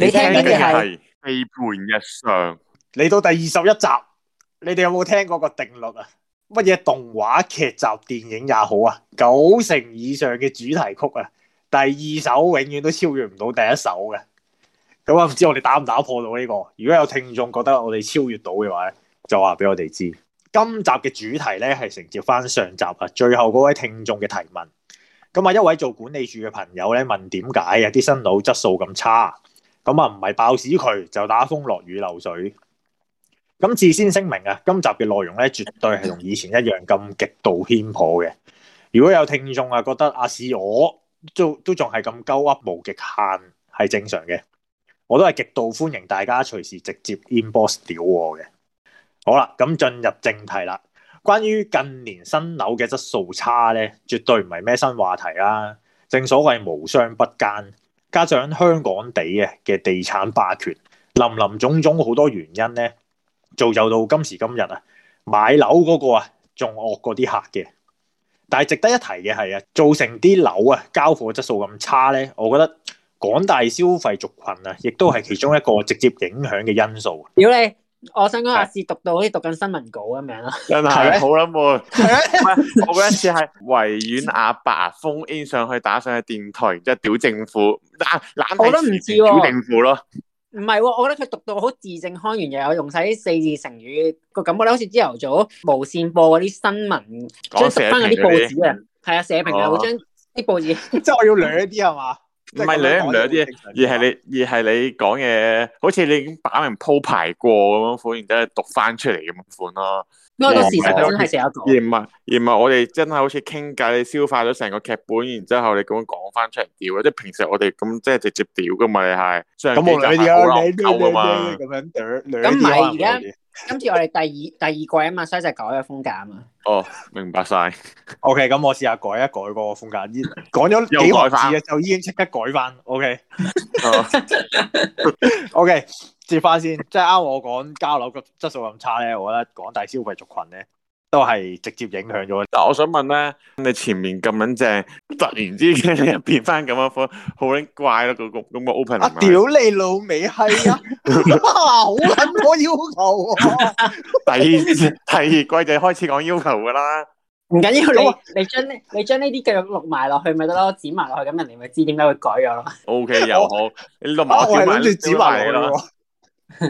你聽呢啲係背叛日常。嚟到第二十一集，你哋有冇聽過個定律啊？乜嘢動畫劇集、電影也好啊，九成以上嘅主題曲啊，第二首永遠都超越唔到第一首嘅。咁啊，唔知我哋打唔打破到呢、這個？如果有聽眾覺得我哋超越到嘅話咧，就話俾我哋知。今集嘅主題咧係承接翻上，上集啊，最後嗰位聽眾嘅提問。咁啊，一位做管理處嘅朋友咧問，點解啊？啲新樓質素咁差。咁啊，唔係爆屎佢就打風落雨漏水。咁事先聲明啊，今集嘅內容咧，絕對係同以前一樣咁極度偏頗嘅。如果有聽眾啊覺得啊是我都都仲係咁鳩噏無極限，係正常嘅。我都係極度歡迎大家隨時直接 inbox 屌我嘅。好啦，咁進入正題啦。關於近年新樓嘅質素差咧，絕對唔係咩新話題啦。正所謂無商不奸。加上香港地嘅嘅地產霸權，林林總總好多原因咧，造就到今時今日啊，買樓嗰個啊，仲惡過啲客嘅。但係值得一提嘅係啊，造成啲樓啊交貨質素咁差咧，我覺得廣大消費族群啊，亦都係其中一個直接影響嘅因素。屌你！我想講阿視讀到好似讀緊新聞稿咁樣咯，又係好諗妹，係啊，我嗰一次係維園阿伯封 in 上去打上去電台，然之後屌政府，懶，我都唔知，屌政府咯，唔係喎，我覺得佢讀到好字正腔圓，又有用晒啲四字成語，個感覺咧好似朝頭早無綫播嗰啲新聞，將拾翻嗰啲報紙啊，係啊，社評啊，將啲報紙，即係我要掠啲啊嘛。唔係兩唔兩啲嘢，而係你而係你講嘢，好似你已經擺明鋪排過咁款，然之後讀翻出嚟咁款咯。個事實真係成一個，而唔係而唔係我哋真係好似傾偈，消化咗成個劇本，然之後你咁樣講翻出嚟，屌，即係平時我哋咁即係直接屌噶嘛？你係咁無厘頭咁而家。 今次我哋第二第二季啊嘛，所以就是改一個風格啊嘛。哦，明白晒。OK，咁我試下改一改個風格。咦，講咗幾耐次嘅就已經即刻改翻。OK，OK，okay 哦 okay，接翻先，即係啱我講交樓個質素咁差咧，我覺得廣大消費族群咧。都係直接影響咗。但係我想問咧，你前面咁撚正，突然之間你又變翻咁樣款，好撚怪咯！嗰個咁個 opening。屌你老味，係啊，哇，好撚我要求啊！第二第二季就開始講要求噶啦。唔緊要，你你將呢你將呢啲記錄錄埋落去咪得咯，剪埋落去，咁人哋咪知點解會改咗咯。OK 又好，你錄埋我，我係諗住剪埋噶。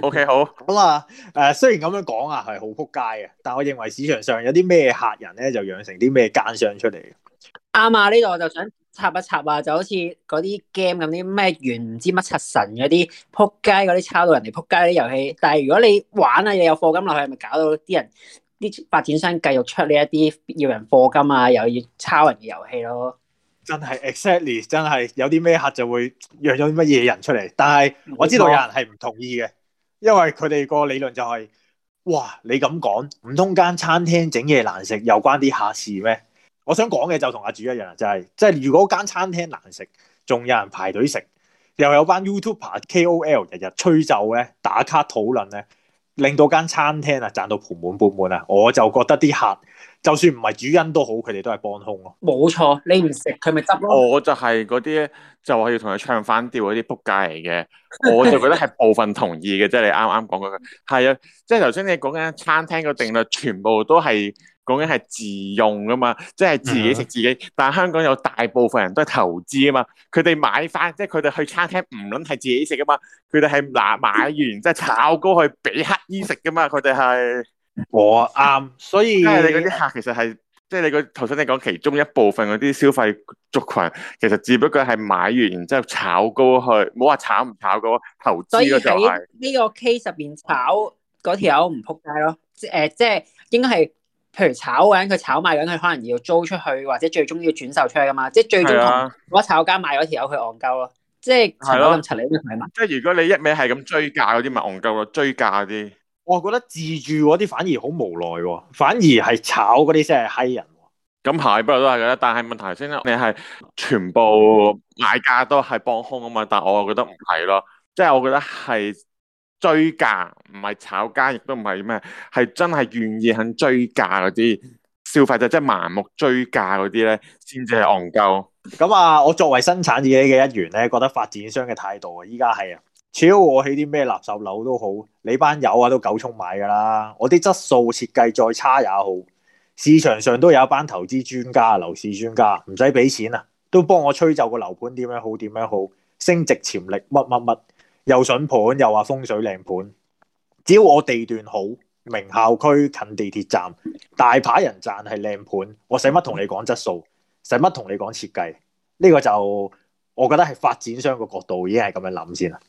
O.K. 好， 好啊，誒、呃，雖然咁樣講啊，係好撲街嘅，但我認為市場上有啲咩客人咧，就養成啲咩奸商出嚟嘅。啱啊，呢度我就想插一插啊，就好似嗰啲 game 咁啲咩原唔知乜七神嗰啲撲街嗰啲抄到人哋撲街啲遊戲，但係如果你玩啊，又有課金落去，咪搞到啲人啲發展商繼續出呢一啲要人課金啊，又要抄人嘅遊戲咯。真係 exactly，真係有啲咩客就會養咗啲乜嘢人出嚟，但係我知道有人係唔同意嘅。 因為佢哋個理論就係，哇！你咁講，唔通間餐廳整嘢難食又關啲客事咩？我想講嘅就同阿主一樣，就係，即係如果間餐廳難食，仲有人排隊食，又有班 YouTuber KOL 日日吹奏咧，打卡討論咧，令到間餐廳啊賺到盆滿缽滿啊，我就覺得啲客。就算唔係主因都好，佢哋都係幫凶咯。冇錯，你唔食佢咪執咯。就我就係嗰啲，就話要同佢唱反調嗰啲仆街嚟嘅。 我就覺得係部分同意嘅，即係你啱啱講嗰句係啊。即係頭先你講緊餐廳個定律，全部都係講緊係自用噶嘛，即係自己食自己。嗯、但係香港有大部分人都係投資啊嘛，佢哋買翻，即係佢哋去餐廳唔論係自己食噶嘛，佢哋係嗱買完即係炒高去俾乞衣食噶嘛，佢哋係。我啱、嗯，所以你嗰啲客其實係，即、就、係、是、你個頭先你講其中一部分嗰啲消費族群，其實只不過係買完之後炒高去，唔好話炒唔炒高，投資嗰就呢、是、個 case 入邊炒嗰條友唔撲街咯，即係誒，即係、呃就是、應該係，譬如炒緊佢炒賣緊佢，可能要租出去或者最終要轉售出去噶嘛，即、就、係、是、最終同嗰炒家賣嗰條友佢戇鳩咯，即係係咯，即係如果你一味係咁追價嗰啲咪戇鳩咯，追價啲。我覺得自住嗰啲反而好無奈喎，反而係炒嗰啲先係閪人。咁係，不過都係嘅。但係問題先啦，你係全部買家都係幫兇啊嘛？但係我又覺得唔係咯，即係我覺得係追價，唔係炒家，亦都唔係咩，係真係願意肯追價嗰啲消費者，即係盲目追價嗰啲咧，先至係戇鳩。咁啊，我作為生產自己嘅一員咧，覺得發展商嘅態度啊，依家係啊。只要我起啲咩垃圾樓都好，你班友啊都九衝買㗎啦。我啲質素設計再差也好，市場上都有一班投資專家、樓市專家，唔使俾錢啊，都幫我吹走個樓盤點樣好，點樣好，升值潛力乜乜乜，又筍盤又話風水靚盤。只要我地段好，名校區近地鐵站，大把人讚係靚盤，我使乜同你講質素，使乜同你講設計？呢個就我覺得係發展商個角度已經係咁樣諗先啦。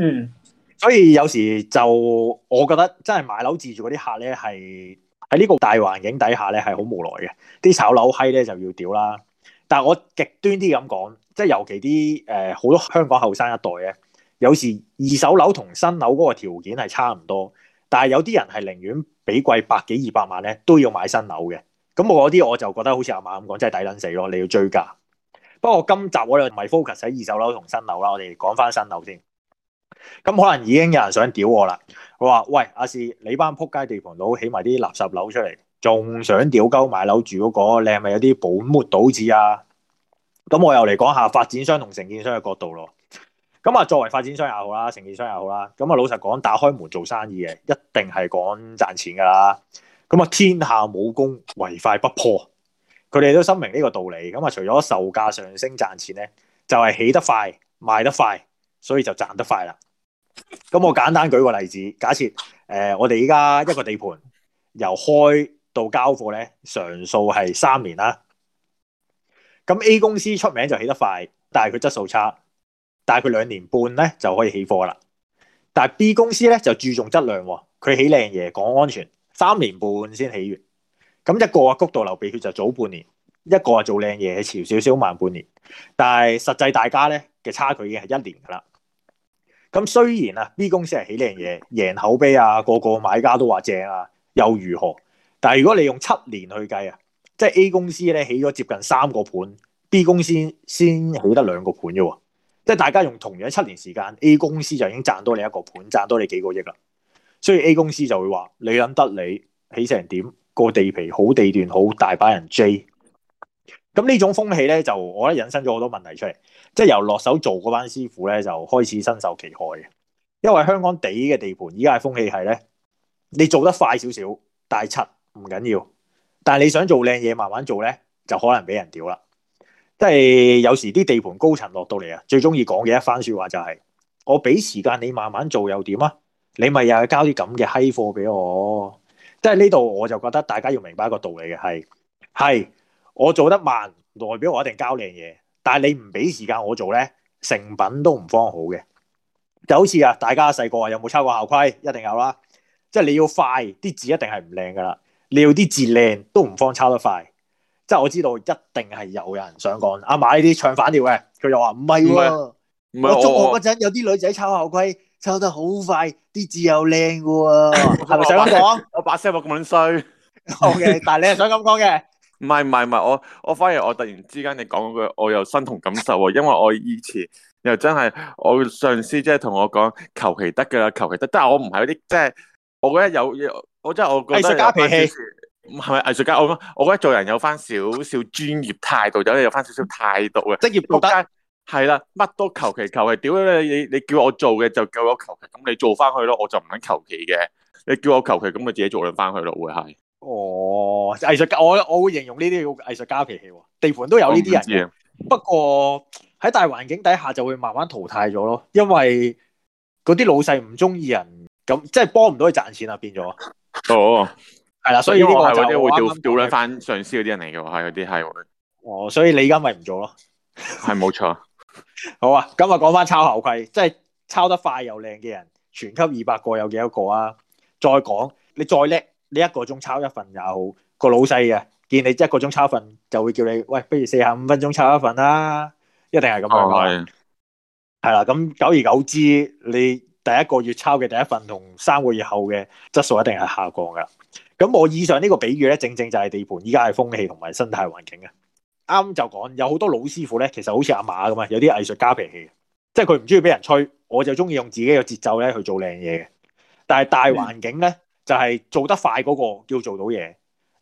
嗯，所以有時就我覺得真係買樓自住嗰啲客咧，係喺呢個大環境底下咧，係好無奈嘅。啲炒樓閪咧就要屌啦。但係我極端啲咁講，即係尤其啲誒好多香港後生一代咧，有時二手樓同新樓嗰個條件係差唔多，但係有啲人係寧願比貴百幾二百萬咧都要買新樓嘅。咁我嗰啲我就覺得好似阿馬咁講，真係抵撚死咯。你要追價，不過今集我哋唔係 focus 喺二手樓同新樓啦，我哋講翻新樓先。咁可能已經有人想屌我啦。佢話喂，阿士你班扑街地盤佬起埋啲垃圾樓出嚟，仲想屌鳩買樓住嗰個靚，係咪有啲泡沫導致啊？咁我又嚟講下發展商同承建商嘅角度咯。咁啊，作為發展商又好啦，承建商又好啦，咁啊老實講，打開門做生意嘅一定係講賺錢噶啦。咁啊，天下武功唯快不破，佢哋都深明呢個道理。咁啊，除咗售價上升賺錢咧，就係、是、起得快，賣得快，所以就賺得快啦。咁我簡單舉個例子，假設誒、呃、我哋依家一個地盤由開到交貨咧，常數係三年啦。咁 A 公司出名就起得快，但係佢質素差，但係佢兩年半咧就可以起貨啦。但係 B 公司咧就注重質量，佢起靚嘢，講安全，三年半先起完。咁一個啊谷度流鼻血就早半年，一個啊做靚嘢潮少少慢半年。但係實際大家咧嘅差距已經係一年噶啦。咁雖然啊，B 公司係起呢樣嘢，贏口碑啊，個個買家都話正啊，又如何？但係如果你用七年去計啊，即係 A 公司咧起咗接近三個盤，B 公司先起得兩個盤咋喎，即係大家用同樣七年時間，A 公司就已經賺多你一個盤，賺多你幾個億啦。所以 A 公司就會話，理撚得你起成點，個地皮好地段好，大把人追，咁呢種風氣咧就，我覺得引申咗好多問題出嚟。即係由落手做嗰班師傅咧，就開始身受其害嘅。因為香港地嘅地盤，而家嘅風氣係咧，你做得快少少，大七唔緊要，但係你想做靚嘢，慢慢做咧，就可能俾人屌啦。即係有時啲地盤高層落到嚟啊，最中意講嘅一番説話就係：我俾時間你慢慢做又點啊？你咪又係交啲咁嘅閪貨俾我。即係呢度我就覺得大家要明白一個道理嘅，係係我做得慢，代表我一定交靚嘢。但係你唔俾時間我做咧，成品都唔慌好嘅。就好似啊，大家細個話有冇抄過校規？一定有啦。即係你要快，啲字一定係唔靚噶啦。你要啲字靚都唔慌抄得快。即係我知道一定係有人想講啊買啲唱反調嘅。佢又話唔係喎，我中學嗰陣有啲女仔抄校規抄得好快，啲字又靚嘅喎。係咪 想講？我把聲冇咁樣衰。 OK，但係你係想咁講嘅。唔係唔係唔係，我我反而我突然之間你講嗰句，我又身同感受喎，因為我以前又真係我上司即係同我講求其得噶啦，求其得，但係我唔係嗰啲即係，我覺得有有，我真係我覺得藝術家脾氣，係咪藝術家？我我我覺得做人有翻少少專業態度，或者有翻少少態度嘅職業仆街係啦，乜都求其求其，屌你你你叫我做嘅就叫我求其，咁你做翻去咯，我就唔肯求其嘅。你叫我求其咁，咪自己做兩翻去咯，會係。哦，藝術家，我我會形容呢啲叫藝術家脾氣，地盤都有呢啲人嘅。不，不過喺大環境底下就會慢慢淘汰咗咯，因為嗰啲老細唔中意人，咁即係幫唔到佢賺錢啊，變咗。哦，係啦， 所以呢個就係我調調轉翻上司嗰啲人嚟嘅，係嗰啲係。哦，所以你而家咪唔做咯？係冇錯。 好啊，今日講翻抄校規，即係抄得快又靚嘅人，全級二百個有幾多個啊？再講，你再叻。你一個鐘抄一份又好，個老細啊見你一個鐘抄一份，就會叫你喂，不如四十五分鐘抄一份啦，一定係咁樣講。係啦、oh 係啦，咁久而久之，你第一個月抄嘅第一份同三個月後嘅質素一定係下降噶。咁我以上呢個比喻咧，正正就係地盤，依家係風氣同埋生態環境啊。啱就講有好多老師傅咧，其實好似阿馬咁啊，有啲藝術家脾氣，即係佢唔中意俾人催，我就中意用自己嘅節奏咧去做靚嘢嘅。但係大環境咧。嗯就係做得快嗰個叫做到嘢，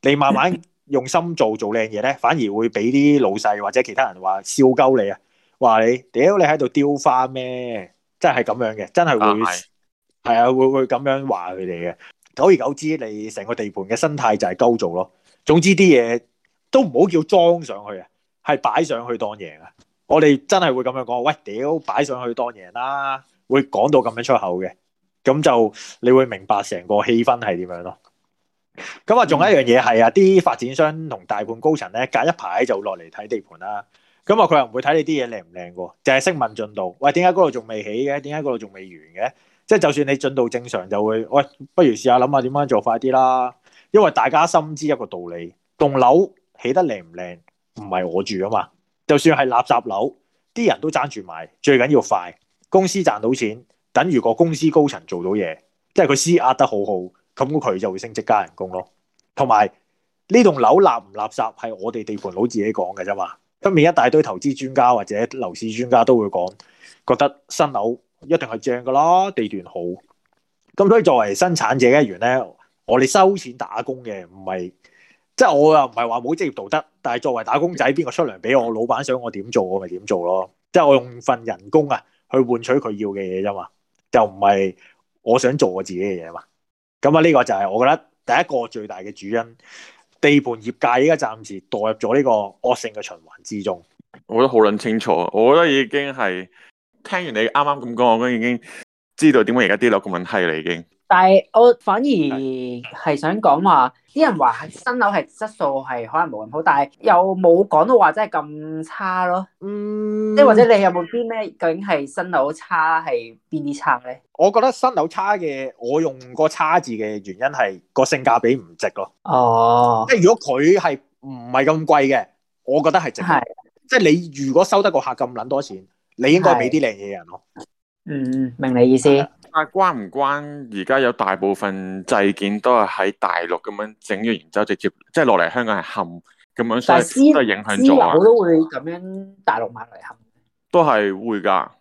你慢慢用心做做靚嘢咧，反而會俾啲老細或者其他人話笑鳩你，你，你啊，話你屌你喺度雕花咩？真係咁樣嘅，真係會係啊，會會咁樣話佢哋嘅。久而久之，你成個地盤嘅生態就係鳩做咯。總之啲嘢都唔好叫裝上去啊，係擺上去當嘢啊。我哋真係會咁樣講，喂屌擺上去當嘢啦，會講到咁樣出口嘅。咁就你會明白成個氣氛係點樣咯。咁啊，仲有一樣嘢係啊，啲發展商同大盤高層咧，隔一排就落嚟睇地盤啦。咁啊，佢又唔會睇你啲嘢靚唔靚嘅，淨係識問進度。喂，點解嗰度仲未起嘅？點解嗰度仲未完嘅？即係就算你進度正常，就會喂，不如試下諗下點樣做快啲啦。因為大家深知一個道理，棟樓起得靚唔靚唔係我住啊嘛。就算係垃圾樓，啲人都爭住買，最緊要快，公司賺到錢。等於個公司高層做到嘢，即係佢施壓得好好，咁佢就會升職加人工咯。同埋呢棟樓垃唔垃圾係我哋地盤佬自己講嘅啫嘛。出面一大堆投資專家或者樓市專家都會講，覺得新樓一定係正㗎啦，地段好。咁所以作為生產者嘅一員咧，我哋收錢打工嘅，唔係即係我又唔係話冇職業道德，但係作為打工仔，邊個出糧俾我？老闆想我點做，我咪點做咯。即係我用份人工啊去換取佢要嘅嘢啫嘛。又唔係我想做我自己嘅嘢嘛，咁啊呢個就係我覺得第一個最大嘅主因。地盤業界依家暫時墮入咗呢個惡性嘅循環之中。我覺得好撚清楚，我覺得已經係聽完你啱啱咁講，我覺得已經知道點解而家啲樓咁撚閪嘞已經。但係我反而係想講話啲是人話新樓係質素係可能冇咁好，但係又冇講到話真係咁差咯。嗯，即係或者你有冇啲咩？究竟係新樓差係邊啲差咧，哦？我覺得新樓差嘅，我用個差字嘅原因係個性價比唔值咯。哦，即係如果佢係唔係咁貴嘅，我覺得係值。即係你如果收得個客咁撚多錢，你應該俾啲靚嘢人咯。嗯，明你意思。啊，關唔關？而家有大部分製件都係喺大陸咁樣整完，然之後直接即係落嚟香港係冚咁樣，所以私都係影響咗，我都會咁實樣，大陸買嚟冚都係會噶。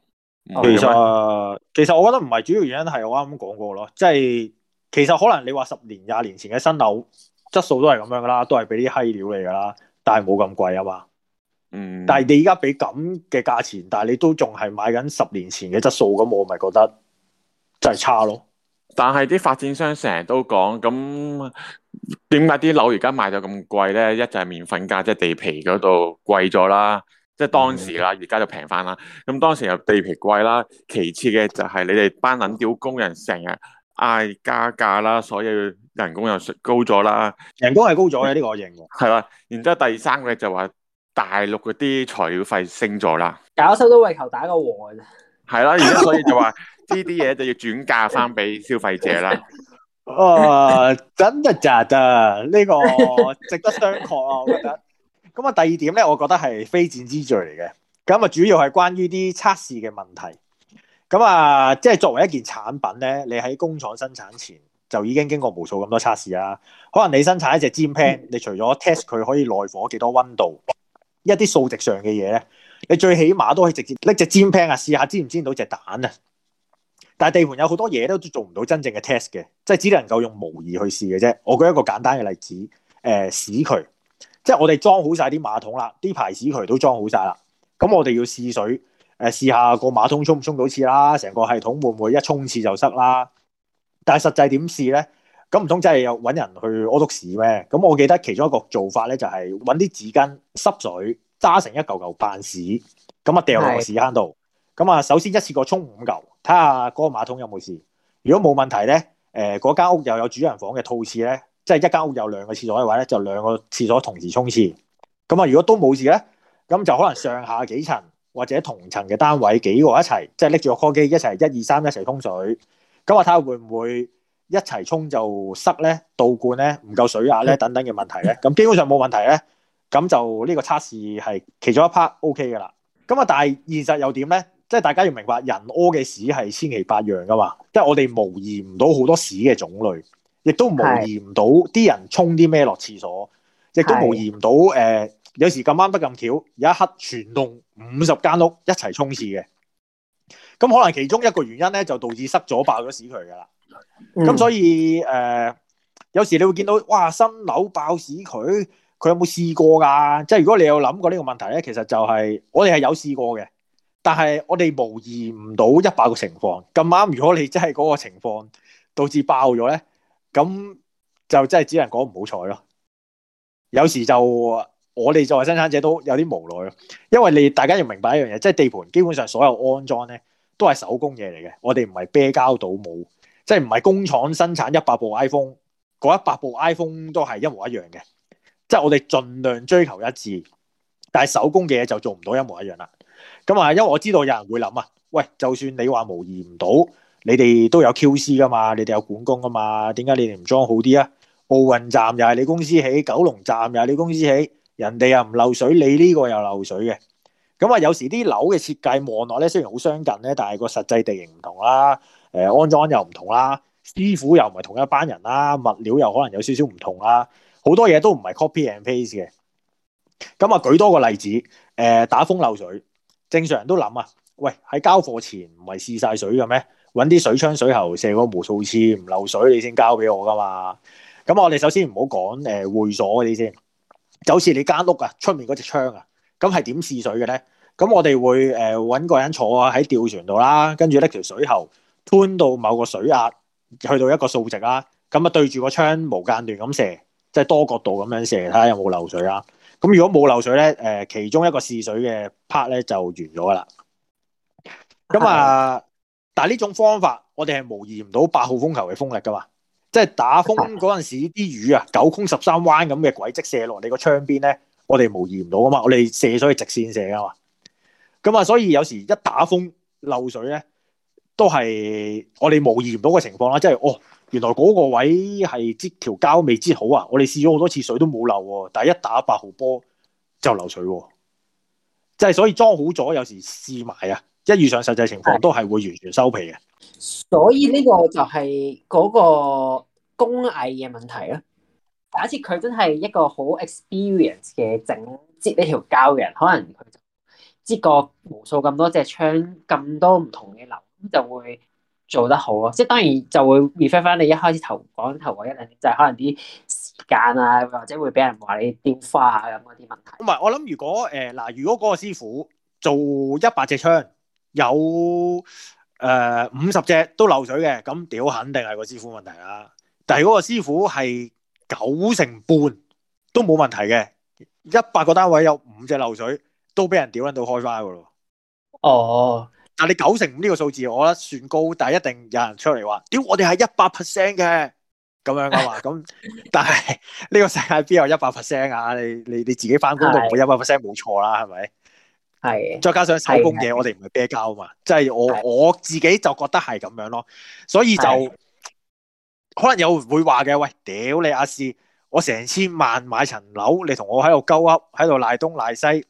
其實其實我覺得唔係主要原因係我啱啱講過咯，即係其實可能你話十年廿年前嘅新樓質素都係咁樣噶啦，都係俾啲閪料嚟噶啦，但係冇咁貴啊嘛。嗯。但係你而家俾咁嘅價錢，但係你都仲係買緊十年前嘅質素咁，我咪覺得。就係差咯，但係啲發展商成日都講，咁點解啲樓而家賣咗咁貴咧？一就係麵粉價，即係地皮嗰度貴咗啦，即係當時啦，而家、嗯、就平翻啦。咁當時又地皮貴啦，其次嘅就係你哋班撚屌工人成日嗌加價啦，所以人工又高咗啦。人工係高咗嘅呢個我認。係啦，然之後第三個就話大陸嘅啲材料費升咗啦。搞收都為求打個和嘅啫。係啦，而家所以就話。 呢啲嘢就要轉嫁翻俾消費者啦。哦，真嘅真嘅，呢、這個值得商榷啊！我覺得。咁啊，第二點咧，我覺得係非戰之罪嚟嘅。咁啊，主要係關於啲測試嘅問題。咁啊，即係作爲一件產品咧，你喺工廠生產前就已經經過無數咁多測試啦。可能你生產一隻煎 pan，你除咗 test 佢可以耐火幾多溫度，一啲數值上嘅嘢咧，你最起碼都可以直接拎隻煎 pan 啊，試下煎唔煎到隻蛋啊！但係地盤有好多嘢都做唔到真正嘅 test 嘅，即係只能夠用模擬去試嘅啫。我舉一個簡單嘅例子，誒、呃、屎渠，即係我哋裝好晒啲馬桶啦，啲排屎渠都裝好晒啦。咁我哋要試水，誒、呃、試一下個馬桶沖唔沖到一次啦，成個系統會唔會一沖廁就塞啦？但係實際點試咧？咁唔通真係要揾人去屙督屎咩？咁我記得其中一個做法咧，就係揾啲紙巾濕水揸成一嚿嚿扮屎，咁啊掉落個屎坑度，咁啊是的 首先一次過沖五嚿。睇下嗰個馬桶有冇事，如果冇問題咧，誒嗰間屋又有主人房嘅套廁咧，即係一間屋有兩個廁所嘅話咧，就兩個廁所同時沖廁，咁啊，如果都冇事咧，咁就可能上下幾層或者同層嘅單位幾個一齊，即係拎住個 call 機一齊一二三一齊沖水，咁啊，睇下會唔會一齊沖就塞咧、倒灌咧、唔夠水壓咧等等嘅問題咧，咁基本上冇問題咧，咁就呢個測試係其中一 part O K 嘅啦。咁啊，但係現實又點咧？即係大家要明白，人屙嘅屎係千奇百樣噶嘛，即係我哋模擬唔到好多屎嘅種類，亦都模擬唔到啲人沖啲咩落廁所，亦都模擬唔到誒、呃，有時咁啱得咁巧，有一刻全棟五十間屋一齊沖廁嘅，咁可能其中一個原因咧，就導致塞咗爆咗屎渠噶啦。咁、嗯、所以誒、呃，有時你會見到哇新樓爆屎渠？佢有冇試過㗎？即係如果你有諗過呢個問題咧，其實就係我哋係有試過嘅。但係我哋模擬唔到一百個情況，咁啱如果你真係嗰個情況導致爆咗咧，咁就真係只能講唔好彩咯。有時就我哋作為生產者都有啲無奈咯，因為你大家要明白一樣嘢，即係地盤基本上所有安裝咧都係手工嘢嚟嘅，我哋唔係啤膠倒模，即係唔係工廠生產一百部 iPhone 嗰一百部 iPhone 都係一模一樣嘅，即係我哋盡量追求一致，但係手工嘅嘢就做唔到一模一樣啦。咁啊，因為我知道有人會諗啊。喂，就算你話模擬唔到，你哋都有 QC 噶嘛，你哋有管工噶嘛，為什麼們點解你哋唔裝好啲啊？奧運站又係你公司起，九龍站又係你公司起，人哋又唔漏水，你呢個又漏水嘅。咁啊，有時啲樓嘅設計望落咧，雖然好相近咧，但係個實際地形唔同啦，誒，安裝又唔同啦，師傅又唔係同一班人啦，物料又可能有少少唔同啦，好多嘢都唔係 copy and paste 嘅。咁啊，舉多個例子，誒，打風漏水。正常人都諗啊，喂，喺交貨前唔係試晒水嘅咩？搵啲水槍水喉射過無數次唔漏水，你先交俾我噶嘛。咁我哋首先唔好講誒會所嗰啲先，就好似你間屋啊，出面嗰隻窗啊，咁係點試水嘅咧？咁我哋會誒揾、呃、個人坐喺吊船度啦，跟住拎條水喉，吞到某個水壓，去到一個數值啦，咁啊對住個窗無間斷咁射，即係多角度咁樣射，睇下有冇漏水啦。咁如果冇漏水咧，誒，其中一個試水嘅 part 咧就完咗噶啦。咁、嗯、啊，但係呢種方法，我哋係模擬唔到八號風球嘅風力噶嘛。即係打風嗰陣時，啲雨啊，九空十三彎咁嘅軌跡射落你個窗邊咧，我哋模擬唔到噶嘛。我哋射水係直線射噶嘛。咁、嗯、啊，所以有時一打風漏水咧，都係我哋模擬唔到嘅情況啦。即係哦。原來嗰個位係唧條膠，未知好啊！我哋試咗好多次水都冇漏喎，但係一打八號波就漏水喎，即係所以裝好咗有時試埋啊，一遇上實際情況都係會完全收皮嘅。所以呢個就係嗰個工藝嘅問題啦。假設佢真係一個好 experience 嘅整接呢條膠嘅人，可能佢就接過無數咁多隻窗咁多唔同嘅樓，咁就會，做得好咯，即係當然就會 refer 翻你一開始頭講頭嗰一兩點，就係、是、可能啲時間啊，或者會俾人話你掉花啊咁嗰啲問題。唔係，我諗如果誒嗱、呃，如果嗰個師傅做一百隻窗，有誒五十隻都漏水嘅，咁屌肯定係個師傅問題啦。但係嗰個師傅係九成半都冇問題嘅，一百個單位有五隻漏水，都俾人屌撚到開花噶咯。哦。但你九成五呢個數字，我覺得算高，但係一定有人出嚟話：屌我哋係一百 percent 嘅咁樣噶嘛？咁但係呢個世界邊有一百 percent 啊？你你你自己翻工都唔會一百 percent，冇錯啦，係咪？係。再加上手工嘢，我哋唔係啤膠啊嘛，即係我我自己就覺得係咁樣咯，所以就可能有會話嘅。喂，屌你阿 Sir，我成千萬買層樓，你同我喺度鳩噏，喺度賴東賴西，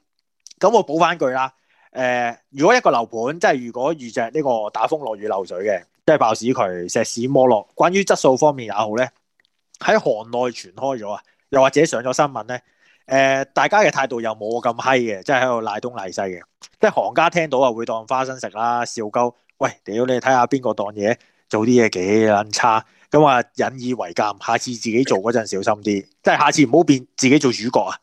咁我補翻句啦。誒、呃，如果一個樓盤即係如果遇着呢個打風落雨漏水嘅，即係爆屎渠、石屎摩落。關於質素方面也好咧，喺行內傳開咗啊，又或者上咗新聞咧。誒、呃，大家嘅態度又冇咁閪嘅，即係喺度賴東賴西嘅。即係行家聽到啊，會當花生食啦，笑鳩。喂，屌你睇下邊個當嘢，做啲嘢幾撚差，咁話引以為鑑，下次自己做嗰陣小心啲，即係下次唔好變自己做主角啊！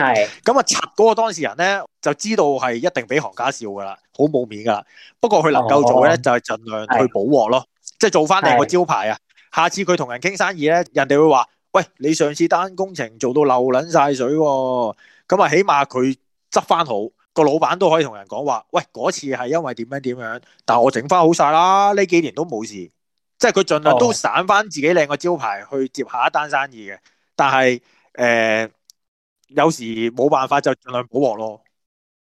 係，咁啊，拆嗰個當事人咧，就知道係一定俾行家笑噶啦，好冇面噶啦。不過佢能夠做咧，就係盡量去補鑊咯，的即係做翻你個招牌啊。的下次佢同人傾生意咧，人哋會話：，喂，你上次單工程做到漏撚晒水，咁啊，起碼佢執翻好個老闆都可以同人講話：，喂，嗰次係因為點樣點樣，但係我整翻好晒啦，呢幾年都冇事。即係佢盡量都散翻自己靚個招牌去接下一單生意嘅。但係，誒、呃。有時冇辦法，就盡量唔好搏咯。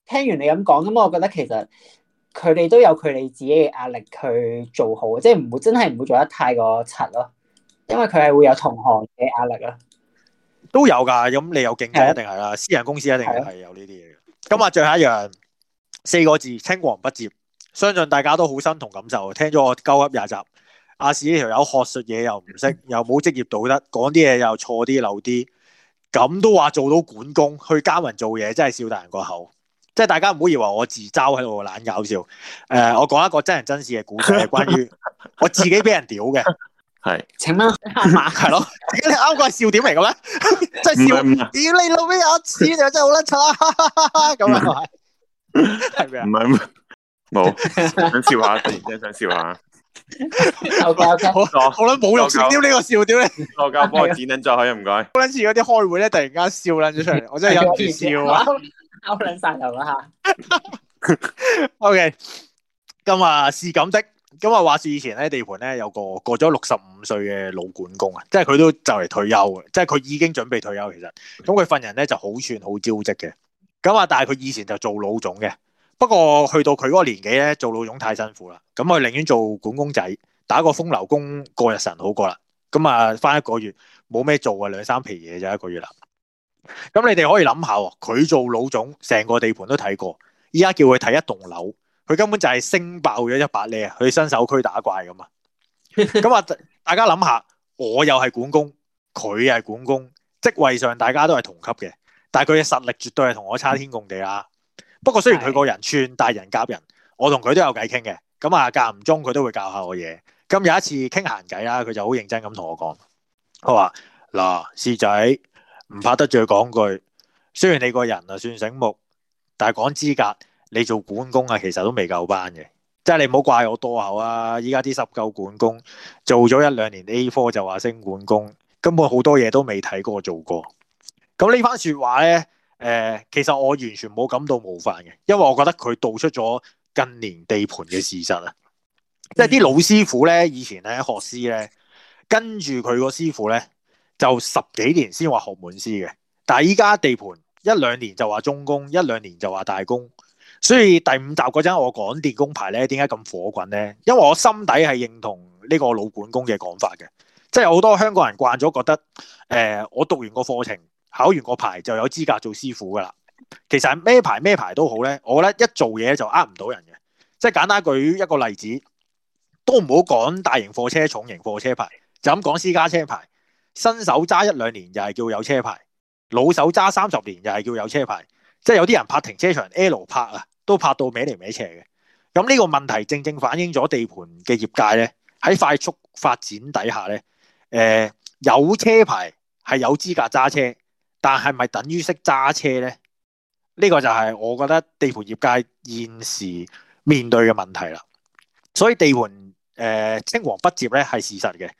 聽完你咁講，咁我覺得其實佢哋都有佢哋自己嘅壓力去做好，即係唔會真係唔會做得太過柒咯。因為佢係會有同行嘅壓力咯。都有噶，咁你有競爭一定係啦，的私人公司一定係有呢啲嘢嘅。咁的最後一樣，四個字，青黃不接，相信大家都好身同感受。聽咗我鳩噏廿集，阿史呢條友學術嘢又唔識，嗯、又冇職業道德，講啲嘢又錯啲漏啲。咁都話做到管工，去加人做嘢真係笑大人個口，即係大家唔好以為我自嘲喺度懶搞笑。誒、呃，我講一個真人真事嘅故事，係關於我自己俾人屌嘅。係，請問係咯， 你啱嗰係笑點嚟嘅咩？真係笑屌你老味阿似你真係好甩叉咁係咪？係咩啊？唔係冇想笑下，突然間想笑下。 我諗冇用笑呢個笑屌咧，我教幫我剪捻咗佢啊，唔該。我諗嗰啲開會咧，突然間笑捻咗出嚟，我真係有啲笑啊，笑卵晒又啦吓。OK，今日是咁的。咁、嗯、日、嗯嗯嗯 okay，話說以前咧，地盤咧有個過咗六十五歲嘅老管工啊，即係佢都就嚟退休嘅，即係佢已經準備退休。其實咁佢、嗯、份人咧就好串、好招積嘅。咁啊，但係佢以前就做老總嘅。不過去到佢嗰個年紀咧，做老總太辛苦啦，咁佢寧願做管工仔，打個風流工過日神好過啦。咁啊，返一個月冇咩做啊，兩三皮嘢，就一個月啦。咁你哋可以諗下喎，佢做老總，成個地盤都睇過，依家叫佢睇一棟樓，佢根本就係升爆咗一百呢？去新手區打怪咁啊？咁啊，大家諗下，我又係管工，佢係管工，職位上大家都係同級嘅，但係佢嘅實力絕對係同我差天共地啊！不過雖然佢個人串大人夾人，我同佢都有偈傾嘅，咁啊間唔中佢都會教下我嘢。咁有一次傾閒偈啦，佢就好認真咁同我講，佢話，嗱，師仔，唔怕得罪講句，雖然你個人啊算醒目，但係講資格，你做管工啊其實都未夠班嘅，即係你唔好怪我多口啊！依家啲濕鳩管工做咗一兩年 A 科就話升管工，根本好多嘢都未睇過做過。咁呢番說話咧。誒、呃，其實我完全冇感到冒犯嘅，因為我覺得佢道出咗近年地盤嘅事實啊，即係啲老師傅咧，以前咧學師咧，跟住佢個師傅咧，就十幾年先話學滿師嘅。但係依家地盤一兩年就話中工，一兩年就話大工。所以第五集嗰陣我講電工牌咧，點解咁火滾咧？因為我心底係認同呢個老管工嘅講法嘅，即係好多香港人慣咗覺得，誒、呃，我讀完個課程。考完個牌就有資格做師傅噶啦，其實咩牌咩牌都好咧，我咧一做嘢就呃唔到人嘅，即係簡單舉一個例子，都唔好講大型貨車、重型貨車牌，就咁講私家車牌，新手揸一兩年就係叫有車牌，老手揸三十年就係叫有車牌，即係有啲人泊停車場 L 泊啊，都泊到歪嚟歪斜嘅，咁呢個問題正正反映咗地盤嘅業界咧喺快速發展底下咧，誒有車牌係有資格揸車。但係咪等於識揸車咧？呢個就係我覺得地盤業界現時面對嘅問題啦。所以地盤誒青黃不接咧係事實嘅，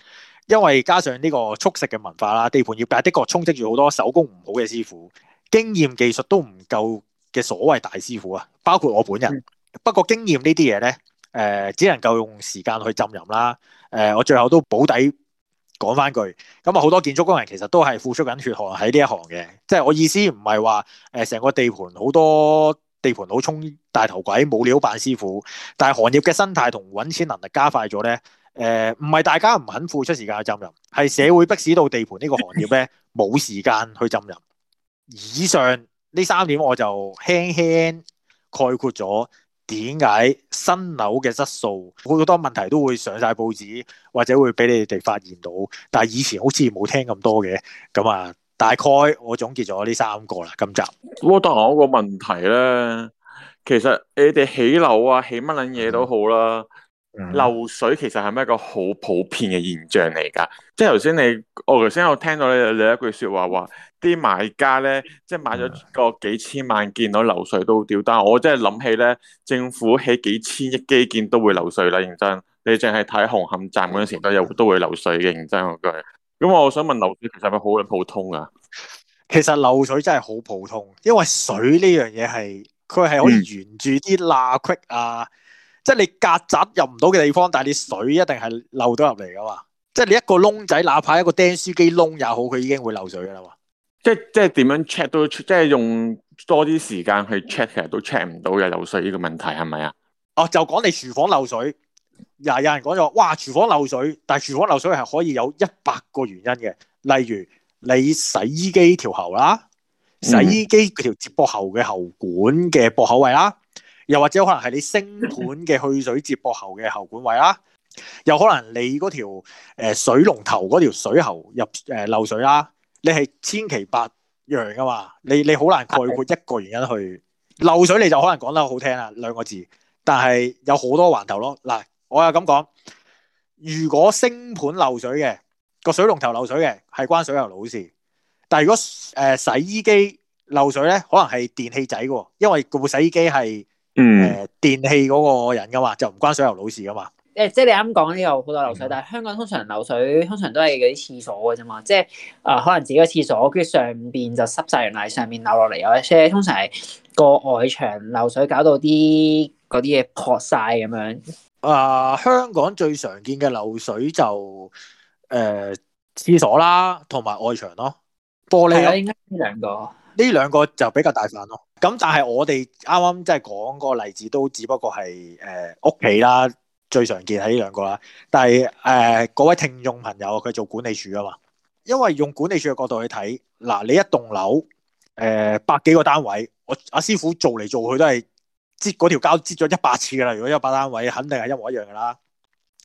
因為加上呢個速食嘅文化啦，地盤業界的確充斥住好多手工唔好嘅師傅，經驗技術都唔夠嘅所謂大師傅啊。包括我本人，嗯、不過經驗呢啲嘢咧誒，只能夠用時間去浸淫啦。誒、呃，我最後都保底。講翻句，咁啊好多建築工人其實都係付出緊血汗喺呢一行嘅，即係我意思唔係話誒成個地盤好多地盤好充大頭鬼冇料扮師傅，但係行業嘅生態同揾錢能力加快咗呢。呃、唔係大家唔肯付出時間去浸淫，係社會逼使到地盤呢個行業呢冇時間去浸淫。以上呢三點我就輕輕概括咗。點解新樓嘅質素好多問題都會上晒報紙，或者會俾你哋發現到，但係以前好似冇聽咁多嘅，咁啊大概我總結咗呢三個啦，今集。嗯嗯、我得我個問題咧，其實你哋起樓啊，起乜撚嘢都好啦，漏水其實係咪一個好普遍嘅現象嚟噶？即係頭先你，我頭先我聽到你你一句話說話話。啲買家咧，即係買咗個幾千萬，見到漏水都掉單。我真係諗起咧，政府起幾千億基建都會漏水啦，認真。你淨係睇紅磡站嗰陣時都又都會漏水嘅，認真嗰句。咁我想問漏水其實係咪好普通啊？其實漏水真係好普通，因為水呢樣嘢係佢係可以沿住啲罅隙啊，嗯、即係你曱甴入唔到嘅地方，但係你水一定係漏到入嚟㗎嘛。即係你一個窿仔，哪怕一個釘書機窿也好，佢已經會漏水㗎啦嘛。即係即係點樣 check 都即係用多啲時間去 check 其實都 check 唔到嘅，漏水呢個問題係咪啊？是是哦，就講你廚房漏水，嗱，有人講咗哇，廚房漏水，但係廚房漏水係可以有一百個原因嘅，例如你洗衣機條喉啦，洗衣機條、嗯、接駁喉嘅喉管嘅駁口位啦，又或者可能係你星盆嘅去水接駁喉嘅喉管位啦， 又可能你嗰條誒水龍頭嗰條水喉入誒、呃、漏水啦。啊你係千奇百樣噶嘛，你你好難概括一個原因去漏水，你就可能講得好聽啦，兩個字，但係有好多環頭咯。嗱，我又咁講，如果星盆漏水嘅、個水龍頭漏水嘅係關水喉佬事，但係如果誒、呃、洗衣機漏水咧，可能係電器仔嘅，因為部洗衣機係誒電器嗰個人噶嘛，就唔關水喉佬事噶嘛。誒，即係你啱講呢度好多漏水，但係香港通常漏水通常都係嗰啲廁所嘅啫嘛，即係誒、呃、可能自己個廁所，跟住上邊就濕晒，然後上面流落嚟，或者通常係個外牆漏水搞到啲嗰啲嘢潑晒咁樣。誒、呃，香港最常見嘅漏水就誒、呃、廁所啦，同埋外牆咯，的玻璃係啦，應該呢兩個。呢兩個就比較大份咯。咁但係我哋啱啱即係講個例子都只不過係誒、呃、屋企啦。最常見係呢兩個啦，但係誒，呃、嗰位聽眾朋友，佢做管理處啊嘛，因為用管理處嘅角度去睇，嗱，你一棟樓誒、呃、百幾個單位，我阿、啊、師傅做嚟做去都係接嗰條膠，接咗一百次噶啦。如果一百單位，肯定係一模一樣噶啦。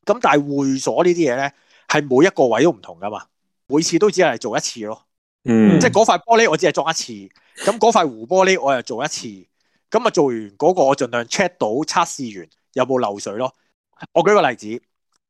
咁但係會所這些東西呢啲嘢咧，係每一個位都唔同噶嘛，每次都只係做一次咯，嗯、即係嗰塊玻璃我只係裝一次，咁嗰塊弧玻璃我又做一次，咁啊做完嗰、那個我盡量 check 到測試完，測試完有冇漏水咯。我舉個例子，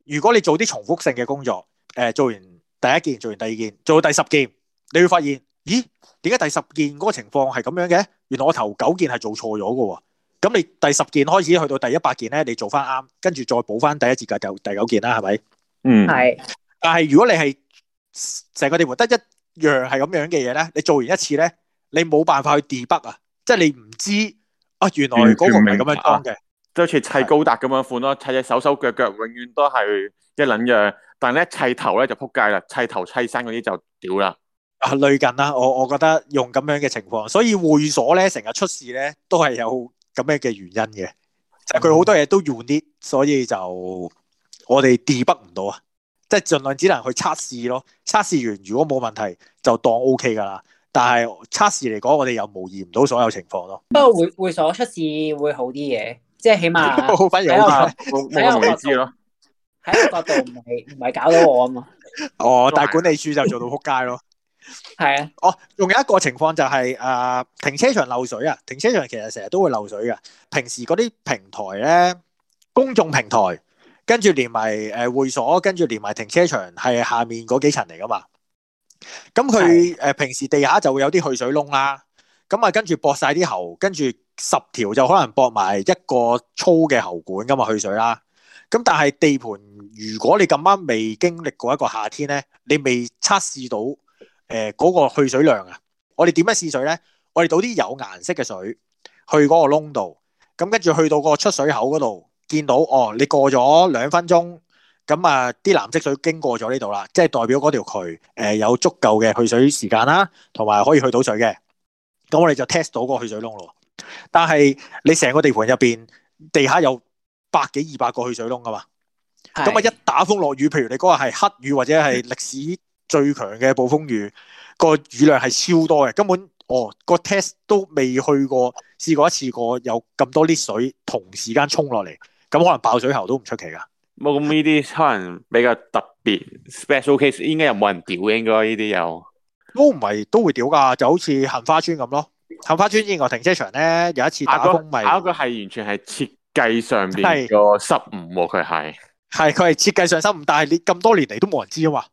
如果你做啲重複性嘅工作，誒、呃，做完第一件，做完第二件，做到第十件，你會發現，咦，點解第十件嗰個情況係咁樣嘅？原來我頭九件係做錯咗嘅，咁你第十件開始去到第一百件咧，你做翻啱，跟住再補翻第一節㗎就第九件啦，係咪？嗯，係。但係如果你係成個地盤得一樣係咁樣嘅嘢咧，你做完一次咧，你冇辦法去 debug 啊，即係你唔知啊，原來嗰個唔係咁樣講嘅。都似砌高達咁樣款咯，是的 砌隻手手腳腳永遠都係一撚樣，但係咧砌頭咧就撲街啦，砌頭砌身嗰啲就屌啦。啊，類近啦！我我覺得用咁樣嘅情況，所以會所咧成日出事咧都係有咁樣嘅原因嘅，就係佢好多嘢都軟啲，所以就我哋調不唔到啊，即係儘量只能去測試咯。測試完如果冇問題就當 O K 噶啦，但係測試嚟講，我哋又模擬唔到所有情況咯。不過會會所出事會好啲嘢。即係起碼，反而起碼冇冇未知咯。喺個角度唔係唔係搞到我啊嘛。哦，但係管理處就做到撲街咯。係啊。哦，仲有一個情況就係誒停車場漏水啊！停車場其實成日都會漏水嘅。平時嗰啲平台咧，公眾平台，跟住連埋誒會所，跟住連埋停車場，係下面嗰幾層嚟噶嘛。咁佢誒平時地下就會有啲去水窿啦。咁啊，跟住駁晒啲喉，跟住。十條就可能駁埋一個粗嘅喉管噶嘛，去水啦，咁但係地盤如果你咁啱未經歷過一個夏天咧，你未測試到誒嗰、呃那個去水量啊，我哋點樣試水咧？我哋倒啲有顏色嘅水去嗰個窿度，咁跟住去到個出水口嗰度，見到哦，你過咗兩分鐘，咁啊啲藍色水經過咗呢度啦，即係代表嗰條渠誒有足夠嘅去水時間啦，同埋可以去到水嘅，咁我哋就 test 到嗰個去水窿咯。但係你成個地盤入邊地下有百幾二百個去水窿噶嘛，咁啊是的 一打風落雨，譬如你嗰個係黑雨或者係歷史最強嘅暴風雨，個雨量係超多嘅，根本哦個 test 都未去過試過一次過有咁多啲水同時間沖落嚟，咁可能爆水喉都唔出奇噶。冇咁呢啲可能比較特別 special case，應該又冇人屌應該呢啲又都唔係都會屌噶，就好似杏花村咁咯。後花村嗰個停車場咧，有一次打風咪，就是，啊、那個係，啊、完全係設計上邊個失誤，啊，佢係係佢係設計上失誤，但係你咁多年嚟，都冇人知啊嘛。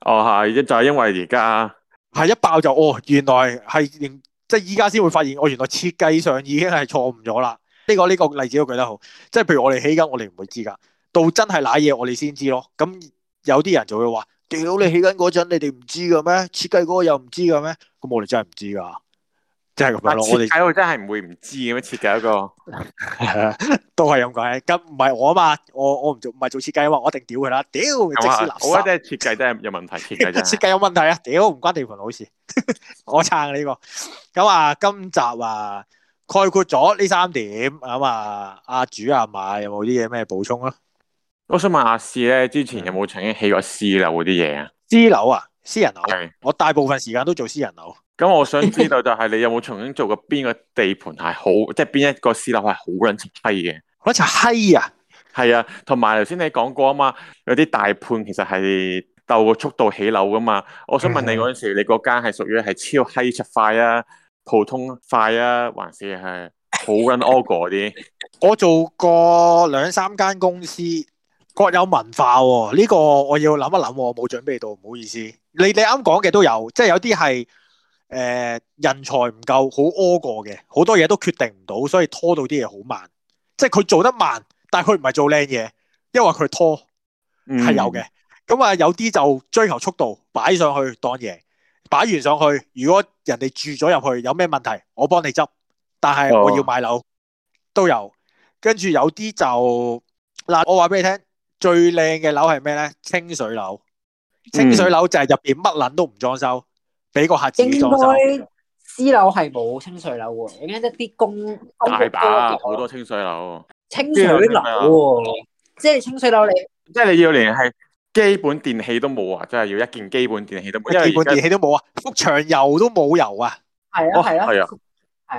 哦係，就係，是，因為而家係一爆就哦，原來係即係依家先會發現，哦，原來設計上已經係錯誤咗啦。呢，呢個呢，呢個例子都舉得好，即係譬如我哋起緊，我哋唔會知噶，到真係嗱嘢，我哋先知咯。咁有啲人就會話：屌，你起緊嗰陣，你哋唔知㗎咩？設計嗰個又唔知㗎咩？咁我哋真係唔知噶。真係咁樣囉！我哋設計真係唔會唔知嘅咩？設計一個 都係咁鬼咁，唔係我啊嘛？我我唔做唔係做設計啊嘛？我一定屌佢啦！屌，直接垃圾！好啊，即係設計真係有問題，設計真係設計有問題啊！屌，唔關地盤好事，我撐你呢個。咁 啊，今集啊，概括咗呢三點咁啊，阿主阿、啊、嘛有冇啲嘢咩補充啊？我想問阿士咧，之前有冇曾經起過私樓嗰啲嘢啊？私樓啊？私人樓，是我大部分時間都做私人樓。咁我想知道就係你有冇曾經做過邊個地盤係好， 即係邊一個私樓係好撚閪嘅？好撚閪啊！係啊，同埋頭先你講過啊嘛，有啲大判其實係鬥個速度起樓噶嘛。我想問你嗰陣時，嗯、哼你嗰間係屬於係超閪出快啊，普通快啊，還是係好撚惡嗰啲？ 些 我做過兩三間公司。各有文化呢、哦這個我要諗一諗，我冇準備到，唔好意思。你你啱講嘅都有，即係有啲係誒人才唔夠好，屙過嘅好多嘢都決定唔到，所以拖到啲嘢好慢。即係佢做得慢，但係佢唔係做靚嘢，因為佢拖係有嘅。咁啊，有啲就追求速度，擺上去當嘢，擺完上去，如果人哋住咗入去有咩問題，我幫你執，但係我要買樓都有。跟住、哦、有啲就嗱、啊，我話俾你聽。最靚嘅樓係咩咧？清水樓，清水樓就係入邊乜撚都唔裝修，俾個客自己裝修。應該私樓係冇清水樓嘅，而家一啲工大把，好多清水樓。清水樓，即係清水樓，你即係你要連係基本電器都冇啊！即係要一件基本電器都冇，因為基本電器都冇啊，幅牆油都冇油啊，係啊係啊，係啊，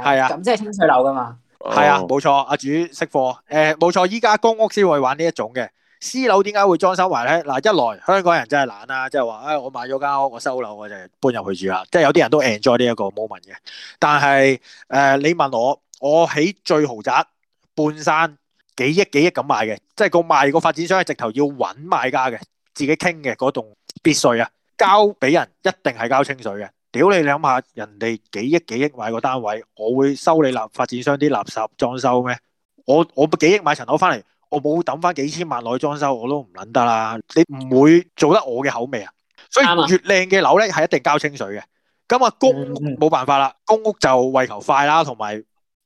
係啊，咁即係清水樓噶嘛？係啊，冇錯，阿主識貨，誒，冇錯，依家公屋先會玩呢一種嘅。私樓點解會裝修埋咧？嗱，一來香港人真係懶啦，即係話，誒，我買咗間屋，我收樓我就搬入去住啦。即係有啲人都 enjoy 呢一個 moment 嘅。但係誒，你問我，我喺最豪宅半山幾億幾億咁買嘅，即係個賣個發展商係直頭要搵買家嘅，自己傾嘅嗰棟別墅啊，交俾人一定係交清水嘅。屌你，你諗下，人哋幾億幾億買個單位，我會收你垃發展商啲垃圾裝修咩？我我幾億買層樓翻嚟。我冇抌翻幾千萬落去裝修，我都唔撚得啦。你唔會做得我嘅口味啊？所以越靚嘅樓咧，係一定交清水嘅。咁啊，公屋冇辦法啦，公屋就為求快啦，同埋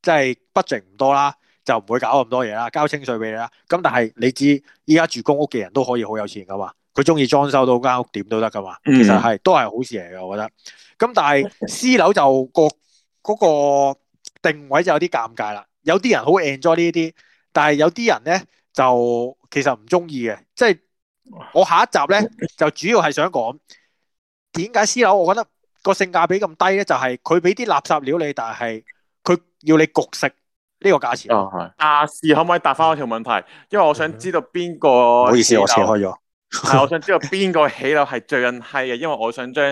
即係 budget 唔多啦，就唔會搞咁多嘢啦，交清水俾你啦。咁但係你知，依家住公屋嘅人都可以好有錢噶嘛，佢中意裝修到間屋點都得噶嘛。其實係都係好事嚟嘅，我覺得。咁但係私樓就嗰個定位就有啲尷尬啦。有啲人好 enjoy 呢啲。但係有啲人咧就其實唔中意嘅，即、就、係、是、我下一集咧就主要係想講點解私樓，我覺得個性價比咁低咧，就係佢俾啲垃圾料你，但係佢要你焗食呢個價錢。亞視、啊、可唔可以答翻我條問題？因為我想知道邊個。唔、嗯、好意思，我扯開咗。係， 我想知道邊個起樓係最近閪嘅，因為我想將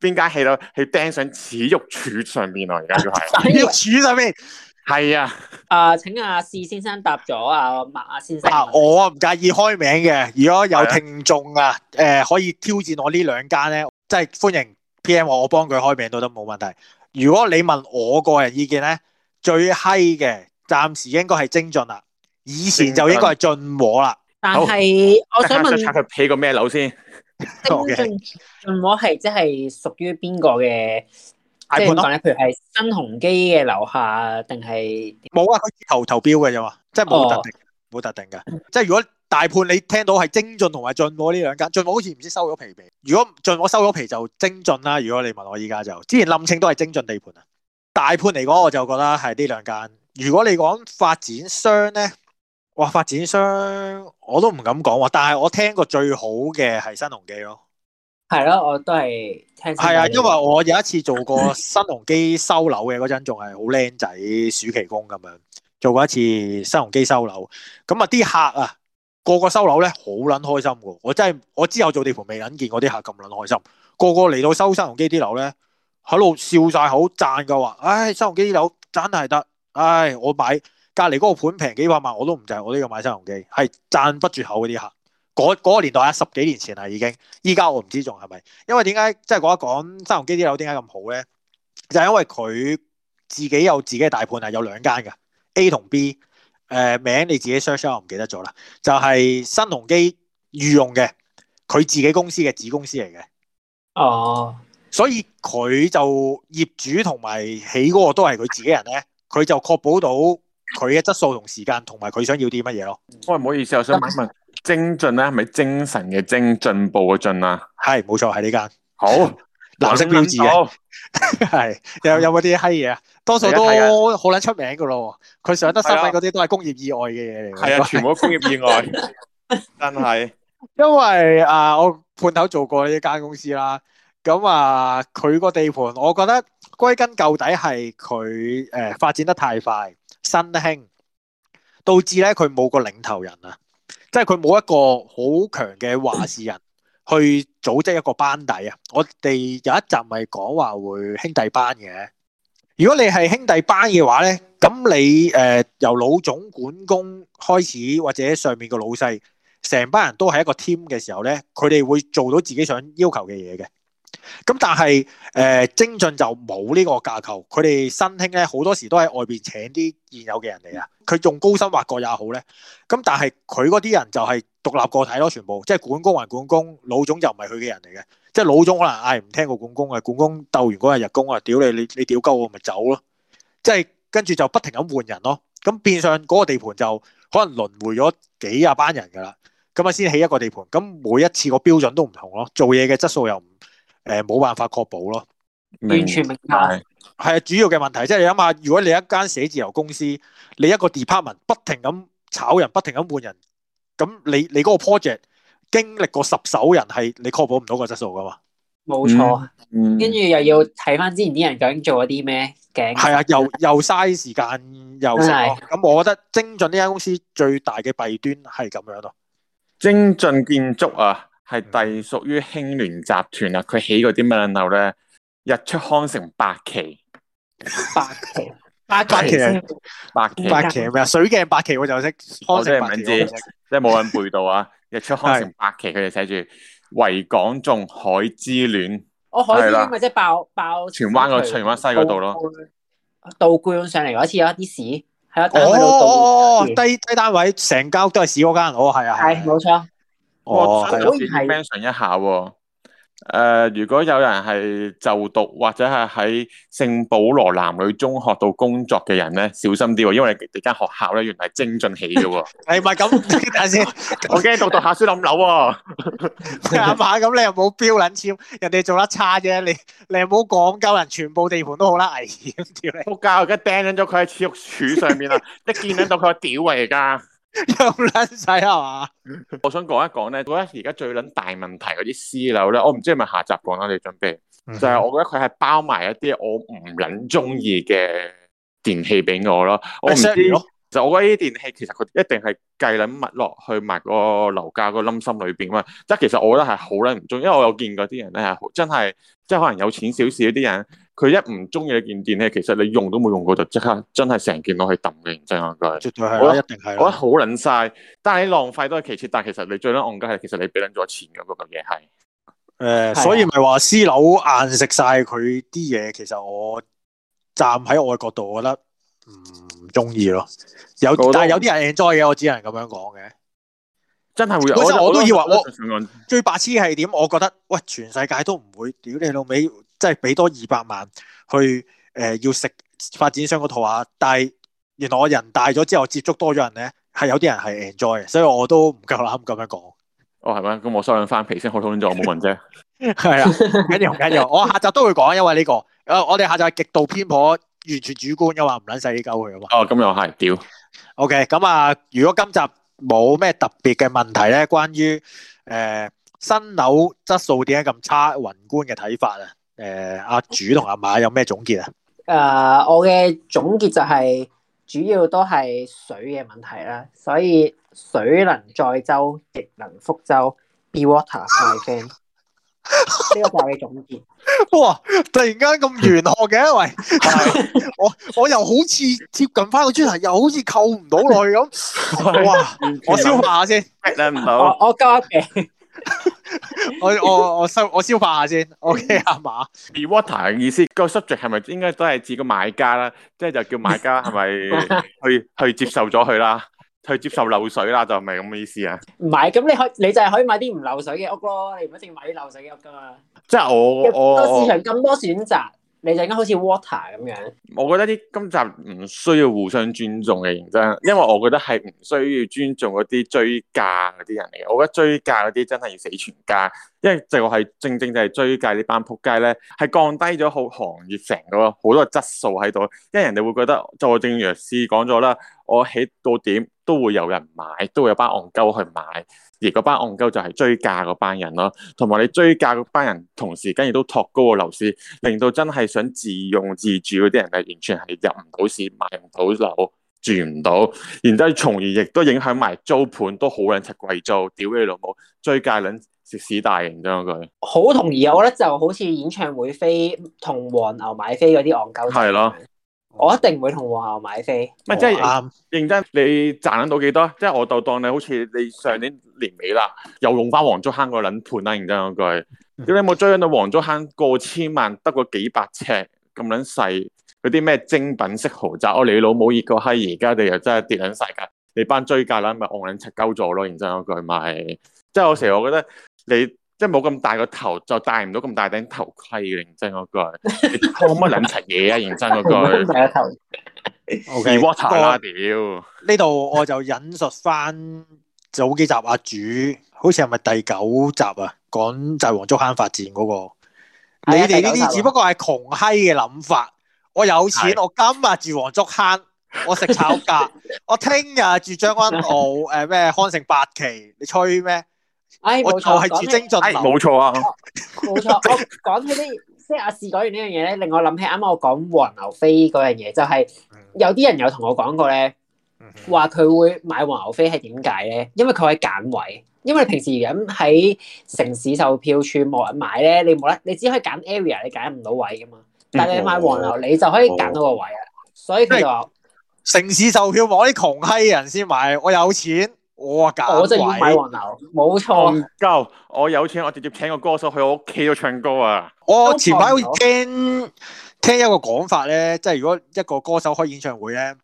邊間起樓係釘上恥辱柱上邊啊！而家要係。 恥辱柱上邊？係啊，誒、呃，請阿、啊、仕先生答咗阿麥先生。啊，我唔介意開名嘅，如果有聽眾啊，誒的、呃，可以挑戰我呢兩間咧，即係歡迎 P.M. 我幫佢開名都得冇問題。如果你問我個人意見咧，最嗨嘅暫時應該係精進啦，以前就應該係進和啦。但係我想問，佢起過咩樓先？進進進 Okay 和係即係屬於邊個嘅？就是大判係點講，譬如係新鴻基嘅樓下，頭頭的定係冇啊。佢投投標嘅啫嘛，即係冇特定，冇特定嘅。即係如果大判，你聽到係精進同埋駿和呢兩間，駿和好似唔知收咗皮未？如果駿和收咗皮就精進啦。如果你問我依家就，之前林清都係精進地盤啊。大判嚟講，我就覺得係呢兩間。如果你講發展商咧，哇！發展商我都唔敢講喎，但係我聽過最好嘅係新鴻基咯。係咯，我都係聽。係啊，因為我有一次做過新鴻基收樓嘅嗰陣，仲係好靚仔暑期工咁樣做過一次新鴻基收樓。咁啊，啲客啊，個個收樓咧好撚開心噶，我真係我之後做地盤未撚見過啲客咁撚開心，個個嚟到收新鴻基啲樓咧喺度笑晒口讚噶話，唉、哎，新鴻基啲樓真係得，唉、哎，我買隔籬嗰個盤平幾百萬我都唔就，我呢要買新鴻基，係讚不住口嗰啲客。嗰嗰個年代啊，十幾年前啦，已經依家，我唔知仲係咪？因為點解即係講一講新鴻基啲樓點解咁好咧？就係、是就是、因為佢自己有自己嘅大判啊，有兩間嘅 A 同 B，誒、呃、名你自己 search 下，我唔記得咗啦。就係、是、新鴻基御用嘅，佢自己公司嘅子公司嚟嘅。哦，所以佢就業主同埋起嗰個都係佢自己人咧，佢就確保到佢嘅質素同時間同埋佢想要啲乜嘢咯。喂，唔好意思，我想問一問。精進咧，係咪精神嘅精，進步嘅進啊？係，冇錯，係呢間。好，藍色標誌 啊。係、嗯，有有冇啲閪嘢啊？多數都好撚出名噶咯。佢上得手嗰啲都係工業意外嘅嘢嚟。係啊，是是全部工業意外，真係。因為啊、呃，我判頭做過呢一間公司啦。咁啊，佢、呃、個地盤，我覺得歸根究底係佢誒發展得太快，新興，導致咧佢冇個領頭人啊。即係佢冇一個好強嘅話事人去組織一個班底啊！我哋有一集咪講話會兄弟班嘅。如果你係兄弟班嘅話咧，咁你誒、呃、由老總管工開始，或者上面個老細，成班人都係一個 team 嘅時候咧，佢哋會做到自己想要求嘅嘢嘅。咁但係誒、呃，精進就冇呢個架構，佢哋新興咧，好多時都喺外邊請啲現有嘅人嚟啊。佢仲高薪挖過也好咧。咁但係佢嗰啲人就係獨立個體咯，全部即係管工還管工，老總就唔係佢嘅人嚟嘅，即係老總可能嗌唔聽個管工啊，管工鬥完嗰日日工啊，屌你你你屌鳩我咪走咯，即係跟住就不停咁換人咯。咁變相嗰個地盤就可能輪回咗幾廿班人噶啦，咁啊先起一個地盤，咁每一次個標準都唔同咯，做嘢嘅質素又唔。誒、冇、呃、辦法確保咯，完全明白，係啊，主要嘅問題即係、就是、你諗下，如果你一間寫字樓公司，你一個 department 不停咁炒人，不停咁換人，咁你你嗰個 project 經歷過十手人係你確保唔到個質素噶嘛？冇錯，跟住又要睇翻之前啲人究竟做咗啲咩，係啊，又又嘥時間又咁，的我覺得精進呢間公司最大嘅弊端係咁樣咯，精進建築啊。係隸屬於興聯集團啊！佢起嗰啲乜卵樓咧？日出康城八期，八期，八期，八期，八期咩啊？水鏡八奇。我就識康城八期，即係冇人背到啊！日出康城八期，佢哋寫住維港仲海之戀。哦，海之戀咪即爆爆荃灣個荃灣西嗰度咯。倒灌上嚟嗰次有一啲屎，係啊，哦哦低低單位成間屋都係屎嗰間，哦係啊，係冇錯。我想特別 mention 一下，誒，如果有人係就讀或者係喺聖保羅男女中學度工作嘅人咧，小心啲，因為你哋間學校咧原嚟，係精進起嘅，係咪咁？等下先，我驚讀讀下書冧樓啊！阿媽，咁你又冇標捻超，人哋做得差啫，你你又冇講鳩人，全部地盤都好啦，危險啲。仆街，而家掟咗佢喺恥辱柱上面啦，你見唔見到佢？我屌啊，而家！有卵洗係嘛？我想講一講咧，我覺得而家最卵大問題嗰啲私樓咧，我唔知係咪下集講啦，我哋準備就係、是，我覺得佢係包埋一啲我唔卵中意嘅電器俾我咯。我唔，其實我覺得呢啲電器其實佢一定係計卵物落去埋個樓價個冧心裏邊咁啊。即係其實我覺得係好卵唔中，因為我有見過啲人咧係真係即係可能有錢少少啲人。佢一唔中意嘅件電器，其實你用都冇用過，就即刻真係成件攞去抌嘅，認真一句。絕對係，我覺得一定係。我覺得好撚晒，但係你浪費都係其次，但係其實你最撚戇鳩係，其實你俾撚咗錢嘅嗰嘢係。誒，呃啊、所以咪話私樓硬食晒佢啲嘢，其實我站喺我嘅角度，我覺得唔中意咯。有，但係有啲人 enjoy 嘅，我只能咁樣講嘅。真係會有，其實我都以為我最白痴係點？我覺得喂，全世界都唔會屌你老尾。即係俾多二百萬去誒、呃，要食發展商嗰套啊。但係原來我人大咗之後接觸多咗人咧，係有啲人係 enjoy 嘅，所以我都唔夠膽咁樣講。哦，係咪咁？我收斂翻皮先，好討厭咗，我冇問啫。係啊，緊要緊要，我下集都會講，因為呢、這個誒，我哋下集極度偏頗、完全主觀嘅話，唔撚使呢溝佢啊嘛。哦，咁又係屌。OK，咁啊，如果今集冇咩特別嘅問題咧，關於誒、呃、新樓質素點解咁差，宏觀嘅睇法啊？誒，阿、呃、主同阿馬有咩總結啊？誒、呃，我嘅總結就係、是、主要都係水嘅問題啦，所以水能載舟亦能覆舟。Be water, my friend。呢個就係我嘅總結。哇！突然間咁玄學嘅，喂！ 我我又好似接近翻個磚頭，又好似扣唔到落去咁。哇！ 我消化下先， 唔係我我交俾。Okay 我我我燒我消化下先，OK 啱嘛？而 water 嘅意思，個 subject 係咪應該都係指個買家啦，即、就、係、係、就叫買家係咪去 去接受咗佢啦，去接受漏 水啦，就係咪咁嘅意思啊？唔係，咁你可你就係可以買啲唔漏水嘅屋咯，你唔一定買啲漏水嘅屋噶嘛。即係我個市場咁我多選擇。你陣間好似 Water 咁樣，我覺得啲今集唔需要互相尊重嘅認真，因為我覺得係唔需要尊重嗰啲追價嗰啲人嚟嘅。我覺得追價嗰啲真係要死全家，因為就係正正就係追價呢班撲街咧，係降低咗好行業成個好多質素喺度，因為人哋會覺得，就正如講咗啦，我起到點，都會有人買，都會有班戇鳩去買，而嗰班戇鳩就係追價嗰班人咯。同埋你追價嗰班人，同時間亦都托高個樓市，令到真係想自用自住嗰啲人係完全係入唔到市，買唔到樓，住唔到，然之後從而亦都影響埋租盤，都好撚食貴租，屌你老母，追價撚食屎大，形容一句。好同意，我覺得就好似演唱會飛同黃牛買飛嗰啲戇鳩。係咯。我一定唔會同和校買飛，唔係、哦、即係啱認真你賺。你賺到幾多？即係我就當你好似你上年年尾啦，又用翻黃竹坑個撚盤啦。認真嗰句，嗯、如果你冇追緊到黃竹坑過千萬，得個幾百尺咁撚細，嗰啲咩精品式豪宅，我、哦、你老母熱個閪，而家你又真係跌撚晒㗎，你班追價佬咪我撚七鳩咗咯。認真嗰句，咪即係我成日我覺得你。即係冇咁大個頭，就戴唔到咁大頂頭盔嘅。認真嗰句，你講乜撚柒嘢啊？認真嗰句。唔係個頭。O.K. 倒屌！呢度我就引述翻早幾集阿、啊、主， 好似係咪第九集啊？講就住黃竹坑發展嗰、嗰個。的你哋呢啲只不過係窮閪嘅諗法。我有錢，的我今日住黃竹坑，我食炒價， 我聽日住將軍澳，誒咩康城八期，你吹咩？冇、哎、錯係指精準。冇起、哎、錯啊、哦，冇錯。 我講起啲，即係阿仕講完呢樣嘢咧，令我諗起啱啱我講黃牛飛嗰樣嘢，就係、是、有啲人有同我講過咧，話佢會買黃牛飛係點解咧？因為佢可以揀位，因為平時咁喺城市售票處冇人買咧，你冇得，你只可以揀 area，你揀唔到位㗎嘛。但係你買黃牛，嗯、你就可以揀到個位啊。嗯、所以佢就話城市售票冇啲窮閪人先買，我有錢。我真係要買黃牛。冇錯。夠，我有錢，我直接請個歌手去我屋企度唱歌啊！我前排好似聽聽一個講法咧，即係如果一個歌手開演唱會咧，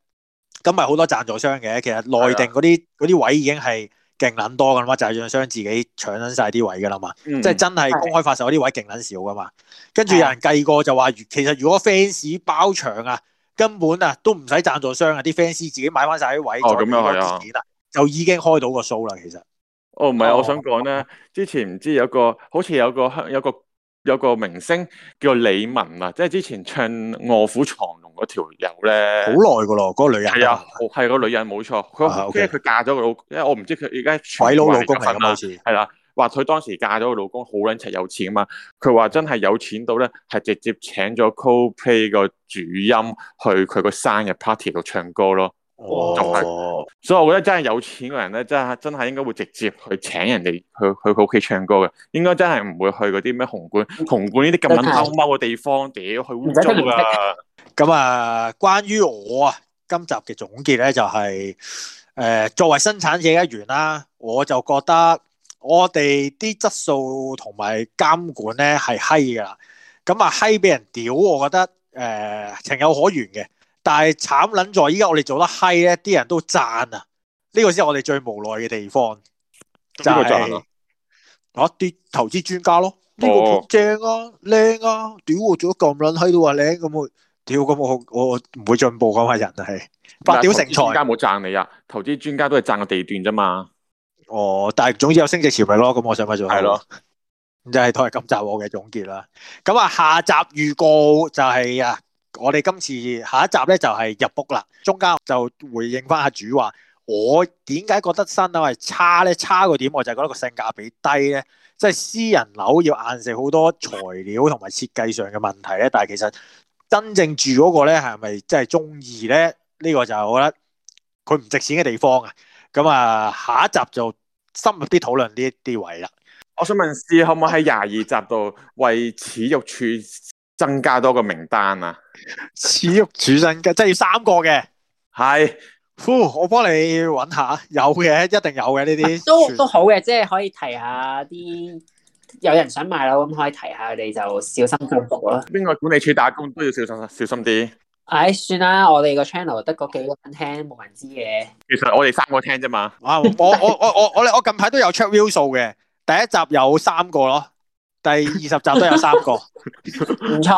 咁咪好多贊助商嘅。其實內定嗰啲啲位已經係勁捻多噶啦嘛，贊助商自己搶捻晒啲位噶啦嘛，嗯、即係真係公開發售嗰啲位勁捻少噶嘛。跟住的有人計過就話，其實如果 fans 包場啊，根本啊都唔使贊助商啊，啲 fans 自己買翻晒啲位，哦咁又係啊。就已經開到個 show 啦，其實。哦，唔係，我想講咧，oh. 之前唔知道有個好似有個香有個有個明星叫李玟啊，即係之前唱《臥虎藏龍》嗰條友咧，好耐噶咯，嗰、那個女人係啊，係個女人冇錯，佢因佢嫁咗個老公，啊 okay、因為我唔知佢而家鬼佬老公係好似，係啦，話佢當時嫁咗個老公好卵柒有錢啊嘛，佢話真係有錢到咧，係直接請咗 Coldplay 個主音去佢個生日 party 度唱歌咯。就、哦、所以我覺得真係有錢嘅人咧，真係真係應該會直接去請人哋去去佢屋企唱歌嘅，應該真係唔會去嗰啲咩紅館、紅館呢啲咁陰溝溝嘅地方屌去污糟㗎。咁啊，關於我啊，今集嘅總結咧就係、是，誒、呃、作為生產者一員啦，我就覺得我哋啲質素同埋監管咧係閪㗎啦，咁啊閪俾人屌，我覺得誒、呃、情有可原嘅。但係慘捻在依家我哋做得嗨咧，啲人都讚啊！呢個先係我哋最無奈嘅地方。讚、就、咯、是，我啲、啊、投資專家咯，呢、哦、個正啊，靚啊，屌我做得咁捻嗨都話靚咁啊，屌咁我我唔會進步噶嘛人係。發屌成才專家冇讚你啊，投資專家都係讚個地段啫嘛。哦，但係總之有升值潛力咯，咁我想咪做係咯。對了 就係都係今集我嘅總結啦。咁啊，下集預告就係、是、啊。我哋今次下一集咧就係入屋啦，中間就回應翻阿主話，我點解覺得新樓係差咧？差個點我就係覺得個性價比低咧，即係私人樓要硬食好多材料同埋設計上嘅問題咧。但係其實真正住嗰個咧係咪真係中意咧？呢個就係我覺得佢唔值錢嘅地方啊。咁啊，下一集就深入啲討論呢一啲位啦。我想問司，可唔可以喺廿二集度為此辱處？增加多個名單啊！始終主身嘅，即係要三個嘅。係，呼，我幫你揾下，有嘅，一定有嘅呢啲。都全都好嘅，即係可以提下啲有人想買樓咁，可以提下你，就小心受毒啦。邊個管理處打工都要小心，小心啲。唉、哎，算啦，我哋個 channel 得嗰幾個人聽，冇人知嘅。其實我哋三個聽啫嘛。啊， 我我我我我我近排都有 check view 數嘅，第一集有三個咯。第二十集都有三個，唔錯，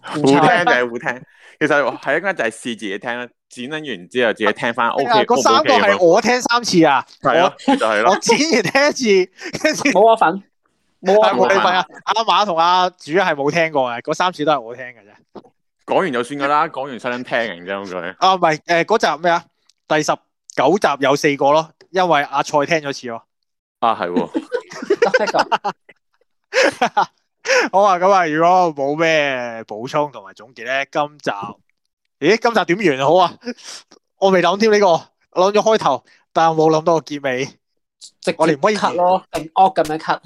好聽就係好聽。其實係應該就係試自己聽啦，剪撚完之後自己聽翻屋企。嗰三個係我聽三次啊，係啊，就係咯，我剪完聽一次。冇我份，冇啊，冇我份啊。阿馬同阿主係冇聽過嘅，嗰三次都係我聽嘅啫。講完就算噶啦，講完收緊聽人啫，咁覺得。啊，唔係，誒，嗰集咩啊？第十九集有四個咯，因為阿蔡聽咗次咯。啊，係喎。 好啊，咁啊，如果冇咩補充同埋總結咧，今集咦，今集點完好啊？我未諗添呢個，諗咗開頭，但係冇諗到我結尾，即我哋唔可以 cut 咯，咁惡咁樣 cut。